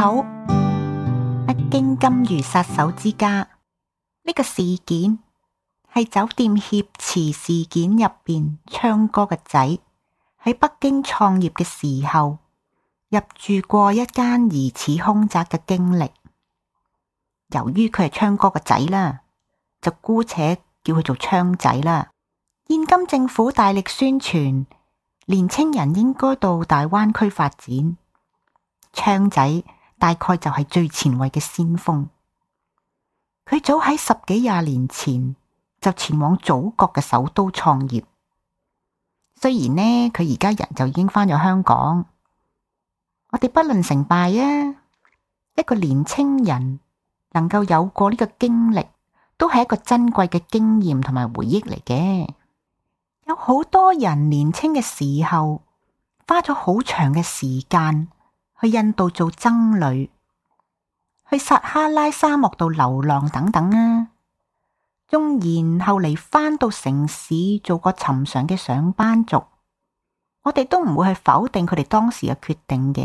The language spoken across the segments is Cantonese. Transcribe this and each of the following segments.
好，北京金魚殺手之家呢個事件係酒店挾持事件入邊，昌哥嘅仔喺北京創業嘅時候入住過一間疑似凶宅嘅經歷。由於佢係昌哥嘅仔啦，就姑且叫佢做昌仔啦。現今政府大力宣傳，年青人應該到大灣區發展，昌仔大概就係最前衛嘅先鋒，佢早喺十幾廿年前就前往祖國嘅首都創業。雖然呢，佢而家人就已經翻咗香港，我哋不論成敗啊，一個年青人能夠有過呢個經歷，都係一個珍貴嘅經驗同埋回憶嚟嘅。有好多人年青嘅時候，花咗好長嘅時間。去印度做僧侶，去撒哈拉沙漠度流浪等等啊，縱然後嚟翻到城市做過尋常嘅上班族，我哋都唔會去否定佢哋當時嘅決定嘅，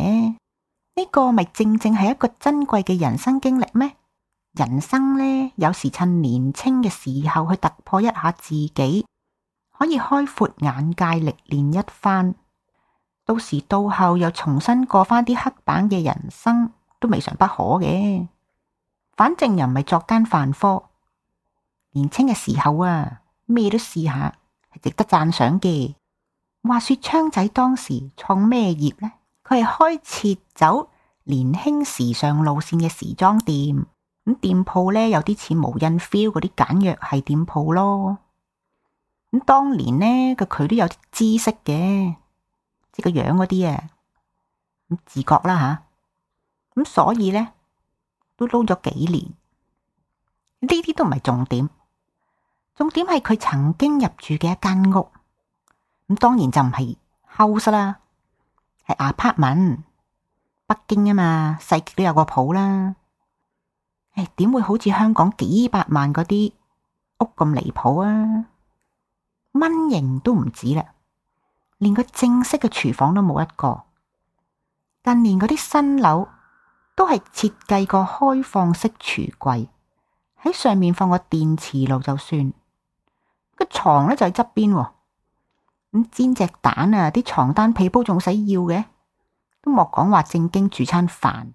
呢個咪正正係一個珍貴嘅人生經歷咩？人生咧，有時趁年輕嘅時候去突破一下自己，可以開闊眼界，歷練一番。到時到後又重新過返啲黑板嘅人生都未嘗不可嘅，反正又唔係作奸犯科。年青嘅時候啊，咩都試下係值得讚賞嘅。話說昌仔當時創咩業呢？佢係開設走年輕時尚路線嘅時裝店，咁店鋪呢，有啲似無印 feel 嗰啲簡約系店鋪咯。咁當年呢，佢佢都有啲知識嘅。即個樣嗰啲啊，咁自覺啦吓，咁、啊、所以咧都撈咗幾年，呢啲都唔係重點，重點係佢曾經入住嘅一間屋，咁當然就唔係 house 啦，係 apartment，北京啊嘛，細極都有個譜啦，誒、哎、點會好似香港幾百萬嗰啲屋咁離譜啊，蚊型都唔止啦。連個正式嘅廚房都冇一個，近年嗰啲新樓都係設計個開放式櫥櫃，喺上面放個電磁爐就算。個床咧就喺側邊，咁、嗯、煎隻蛋啊，啲床單被鋪仲使要嘅，都莫講話正經煮餐飯。咁、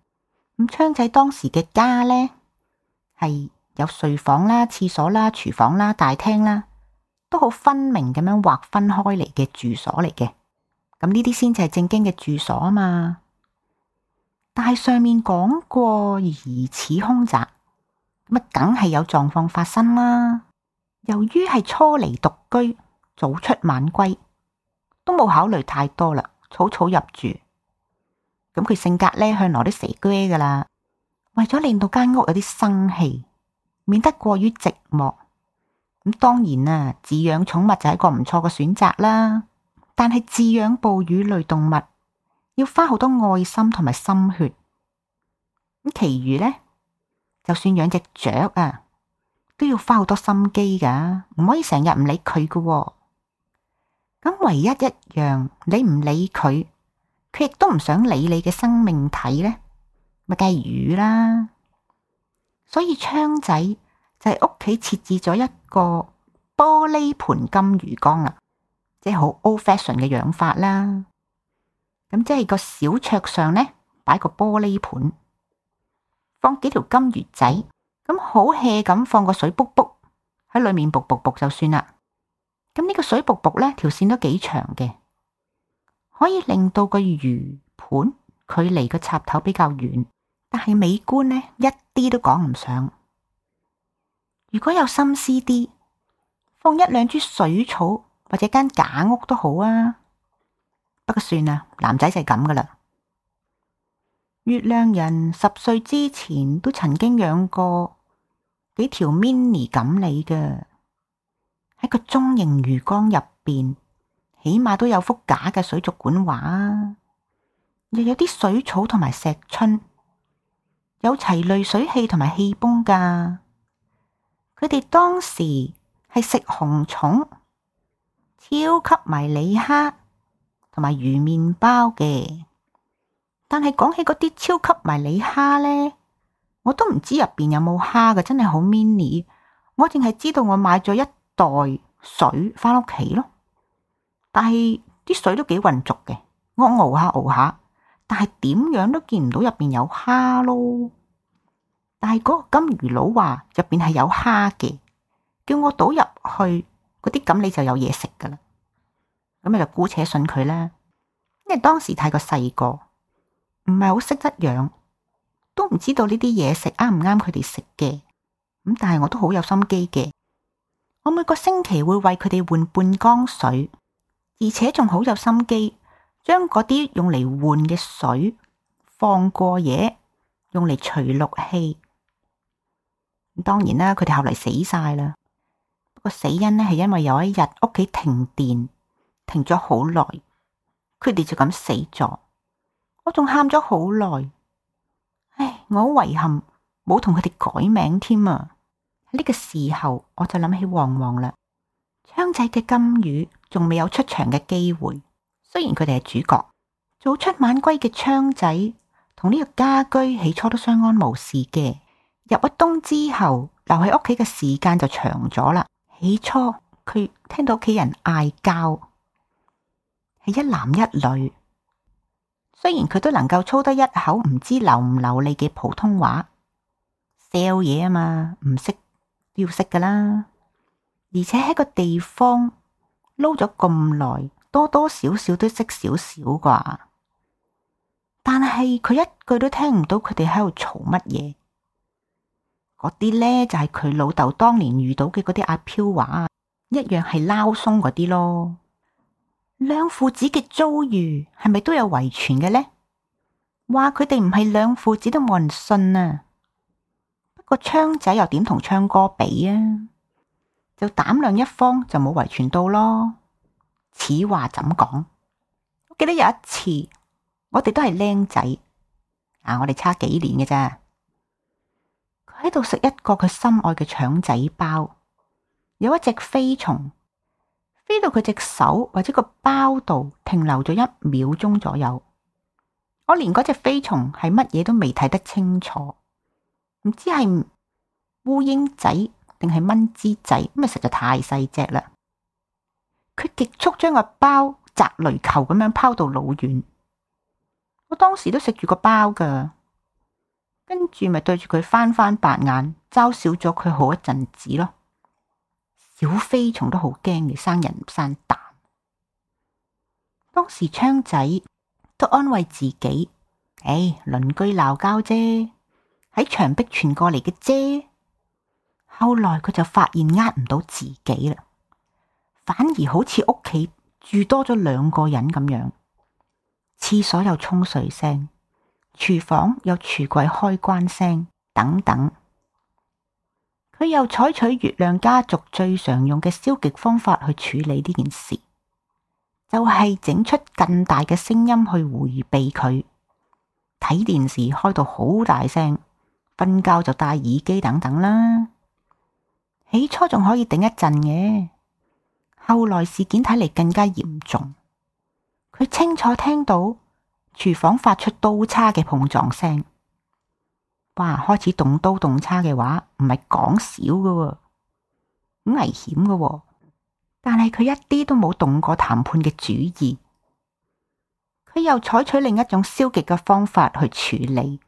嗯、昌仔當時嘅家咧係有睡房啦、廁所啦、廚房啦、大廳啦。都好分明咁樣劃分開嚟嘅住所嚟嘅，咁呢啲先至係正經嘅住所啊嘛。但係上面講過疑似凶宅，乜梗係有狀況發生啦。由於係初嚟獨居，早出晚歸，都冇考慮太多啦，草草入住。咁佢性格咧向來啲蛇居噶啦，為咗令到間屋有啲生氣，免得過於寂寞。咁當然啦，飼養寵物就係一個唔錯嘅選擇啦。但係飼養哺乳類動物要花好多愛心同埋心血。咁其餘呢，就算養隻雀啊，都要花好多心機噶，唔可以成日唔理佢噶，啊。咁唯一一樣，你唔理佢，佢亦都唔想理你嘅生命體呢，咪梗係魚啦。所以昌仔，就係屋企設置咗一個玻璃盤金魚缸啦，即係好 old fashion 嘅養法啦。咁即係個小桌上呢，擺個玻璃盤，放幾條金魚仔，咁好 hea 咁放個水卜卜喺裏面卜卜卜就算啦。咁呢個水卜卜呢，條線都幾長嘅，可以令到個魚盤距離個插頭比較遠，但係美觀呢，一啲都講唔上。如果有心思啲，放一兩株水草或者間假屋都好啊。不過算啦，男仔就係咁噶啦。月亮人十歲之前都曾經養過幾條 mini 錦鯉嘅，喺個中型魚缸入邊，起碼都有幅假嘅水族館畫，又有啲水草同埋石春，有齊濾水器同埋氣泵噶。佢哋當時係食紅蟲、超級迷你蝦同埋魚麵包嘅，但係講起嗰啲超級迷你蝦咧，我都唔知入邊有冇蝦嘅，真係好 mini。我淨係知道我買咗一袋水返屋企咯，但係啲水都幾混濁嘅，我熬下熬下，但係點樣都見唔到入邊有蝦咯。但係嗰個金魚佬話入邊係有蝦嘅，叫我倒入去嗰啲，咁你就有嘢食噶啦。咁你就姑且信佢啦，因為當時太過細個，唔係好識得養，都唔知道呢啲嘢食啱唔啱佢哋食嘅。咁但係我都好有心機嘅，我每個星期會為佢哋換半缸水，而且仲好有心機，將嗰啲用嚟換嘅水放過夜，用嚟除氯氣。當然啦，佢哋後嚟死晒啦。個死因呢係因為有一日屋企停電，停咗好耐，佢哋就咁死咗。我仲喊咗好耐，唉，我好遺憾，冇同佢哋改名添啊。呢個時候我就諗起旺旺啦，昌仔嘅金魚仲未有出場嘅機會。雖然佢哋係主角，早出晚歸嘅昌仔同呢個家居起初都相安無事嘅。入咗冬之後，留喺屋企嘅時間就長咗啦。起初佢聽到屋企人嗌交，係一男一女。雖然佢都能夠操得一口唔知流唔流利嘅普通話，sell 嘢啊嘛，唔識都要識㗎啦。而且喺個地方撈咗咁耐，多多少少都識少少啩。但係佢一句都聽唔到佢哋喺度嘈乜嘢。嗰啲呢，就係、是、佢老豆當年遇到嘅嗰啲阿飄話，一樣係撈鬆嗰啲咯。兩父子嘅遭遇係咪都有遺傳嘅呢？話佢哋唔係兩父子都冇人信啊。不過昌仔又點同昌哥比啊？就膽量一方就冇遺傳到咯。此話怎講？我記得有一次，我哋都係靚仔，啊，我哋差幾年嘅咋？我喺度食一個佢心愛嘅腸仔包，有一隻飛蟲飛到佢隻手或者個包度停留咗一秒鐘左右。我連嗰隻飛蟲係乜嘢都未睇得清楚，唔知係烏蠅仔定係蚊枝仔咁啊！實在太細隻啦。佢極速將個包擲雷球咁樣拋到老遠。我當時都食住個包噶。跟住咪對住佢翻翻白眼，嘲笑咗佢好一陣子咯。小飛蟲都好驚你生人唔生膽。當時昌仔都安慰自己：唉、哎，鄰居鬧交啫，喺牆壁傳過嚟嘅啫。後來佢就發現呃唔到自己啦，反而好似屋企住多咗兩個人咁樣。廁所有沖水聲。廚房有櫥櫃開關聲，等等。佢又採取月亮家族最常用嘅消極方法去處理呢件事，就係整出更大嘅聲音去回避佢。睇電視開到好大聲，瞓覺就戴耳機，等等啦。起初仲可以頂一陣嘅，後來事件睇嚟更加嚴重。佢清楚聽到。廚房發出刀叉嘅碰撞聲，哇！開始動刀動叉嘅話，唔係講少噶，好危險噶喎。但係佢一啲都冇動過談判嘅主意，佢又採取另一種消極嘅方法去處理。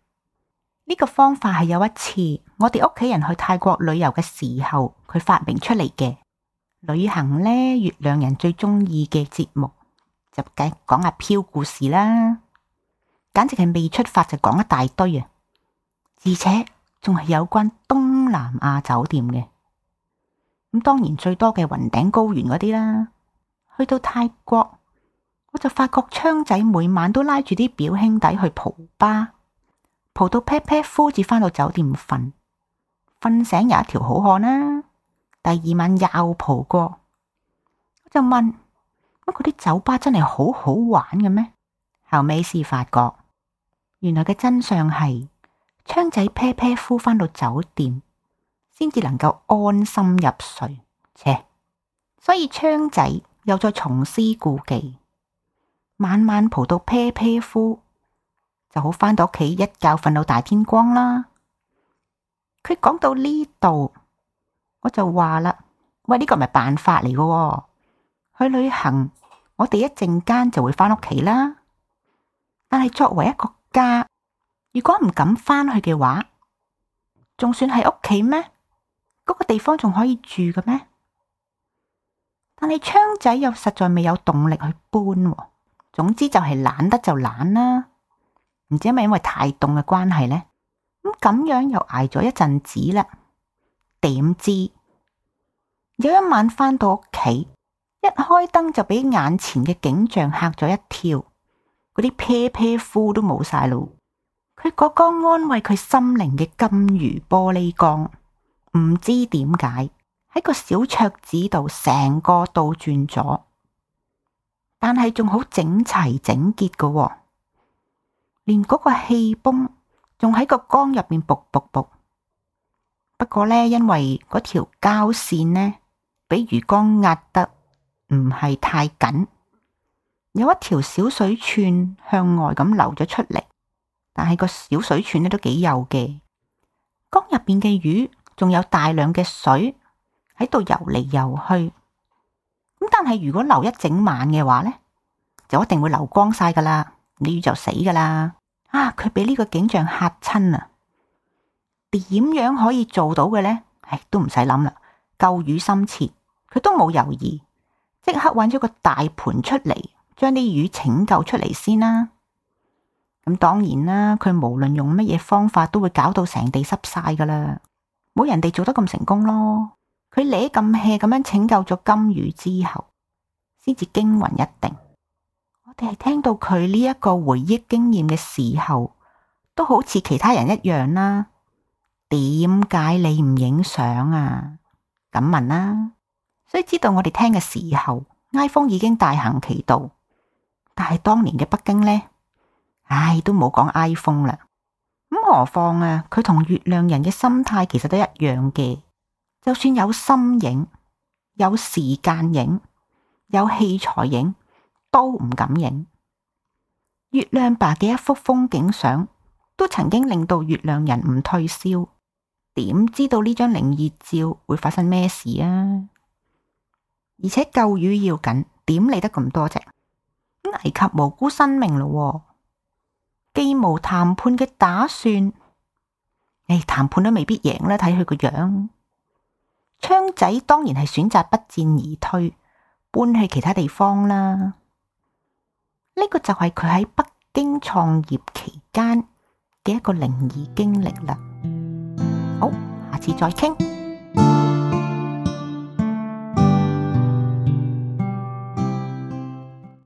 呢個方法係有一次我哋屋企人去泰國旅遊嘅時候，佢發明出嚟嘅。旅行呢，月亮人最中意嘅節目就梗講下飄故事啦。簡直係未出發就講一大堆啊！而且仲係有關東南亞酒店嘅，咁當然最多嘅雲頂高原嗰啲啦。去到泰國，我就發覺昌仔每晚都拉住啲表兄弟去蒲吧，蒲到劈屁呼住翻到酒店瞓，瞓醒有一條好漢啦。第二晚又蒲過，我就問乜嗰啲酒吧真係好好玩嘅咩？後尾先發覺。原來嘅真相係，窗仔撇撇呼返到酒店，先至能夠安心入睡。切，所以窗仔又再重施故技，晚晚蒲到撇撇呼，就好返到屋企一覺瞓到大天光啦。佢講到呢度，我就話啦，喂，呢個唔係辦法嚟嘅喎。去旅行，我哋一陣間就會返屋企啦。但係作為一個，嫁如果唔敢翻去嘅話，仲算係屋企咩？嗰、那個地方仲可以住嘅咩？但係昌仔又實在未有動力去搬，總之就係懶得就懶啦。唔知係咪因為太凍嘅關係呢？咁咁樣又捱咗一陣子啦。點知有一晚翻到屋企，一開燈就俾眼前嘅景象嚇咗一跳。啲撇撇呼都冇晒啦！佢嗰缸安慰佢心靈嘅金魚玻璃缸，唔知點解喺個小桌子度成個倒轉咗，但係仲好整齊整潔嘅，哦，連嗰個氣泵仲喺個缸入邊噗噗噗。不過呢，因為嗰條膠線呢，俾魚缸壓得唔係太緊。有一條小水串向外咁流咗出嚟，但係個小水串咧都幾幼嘅。缸入邊嘅魚仲有大量嘅水喺度游嚟游去。咁但係如果流一整晚嘅話咧，就一定會流光晒噶啦，啲魚就死噶啦。啊，佢俾呢個景象吓親啊！點樣可以做到嘅咧？唉，都唔使諗啦，救魚心切，佢都冇猶豫，即刻揾咗個大盤出嚟。將啲魚拯救出嚟先啦。咁當然啦，佢無論用乜嘢方法，都會搞到成地濕晒噶啦。冇人哋做得咁成功咯。佢攣咁氣咁樣拯救咗金魚之後，先至驚魂一定。我哋係聽到佢呢一個回憶經驗嘅時候，都好似其他人一樣啦。點解你唔影相啊？咁問啦、啊。所以知道我哋聽嘅時候，iPhone 已經大行其道。但係當年嘅北京呢，唉，都冇講 iPhone 啦。咁何況啊，佢同月亮人嘅心態其實都一樣嘅。就算有心影，有時間影，有器材影，都唔敢影。月亮爸嘅一幅風景相，都曾經令到月亮人唔退燒。點知道呢張靈異照會發生咩事啊？而且救魚要緊，點理得咁多啫？危及無辜生命咯，既無談判嘅打算，誒、哎，談判都未必贏啦，睇佢個樣。昌仔當然係選擇不戰而退，搬去其他地方啦。呢、這個就係佢喺北京創業期間嘅一個靈異經歷啦。好，下次再傾。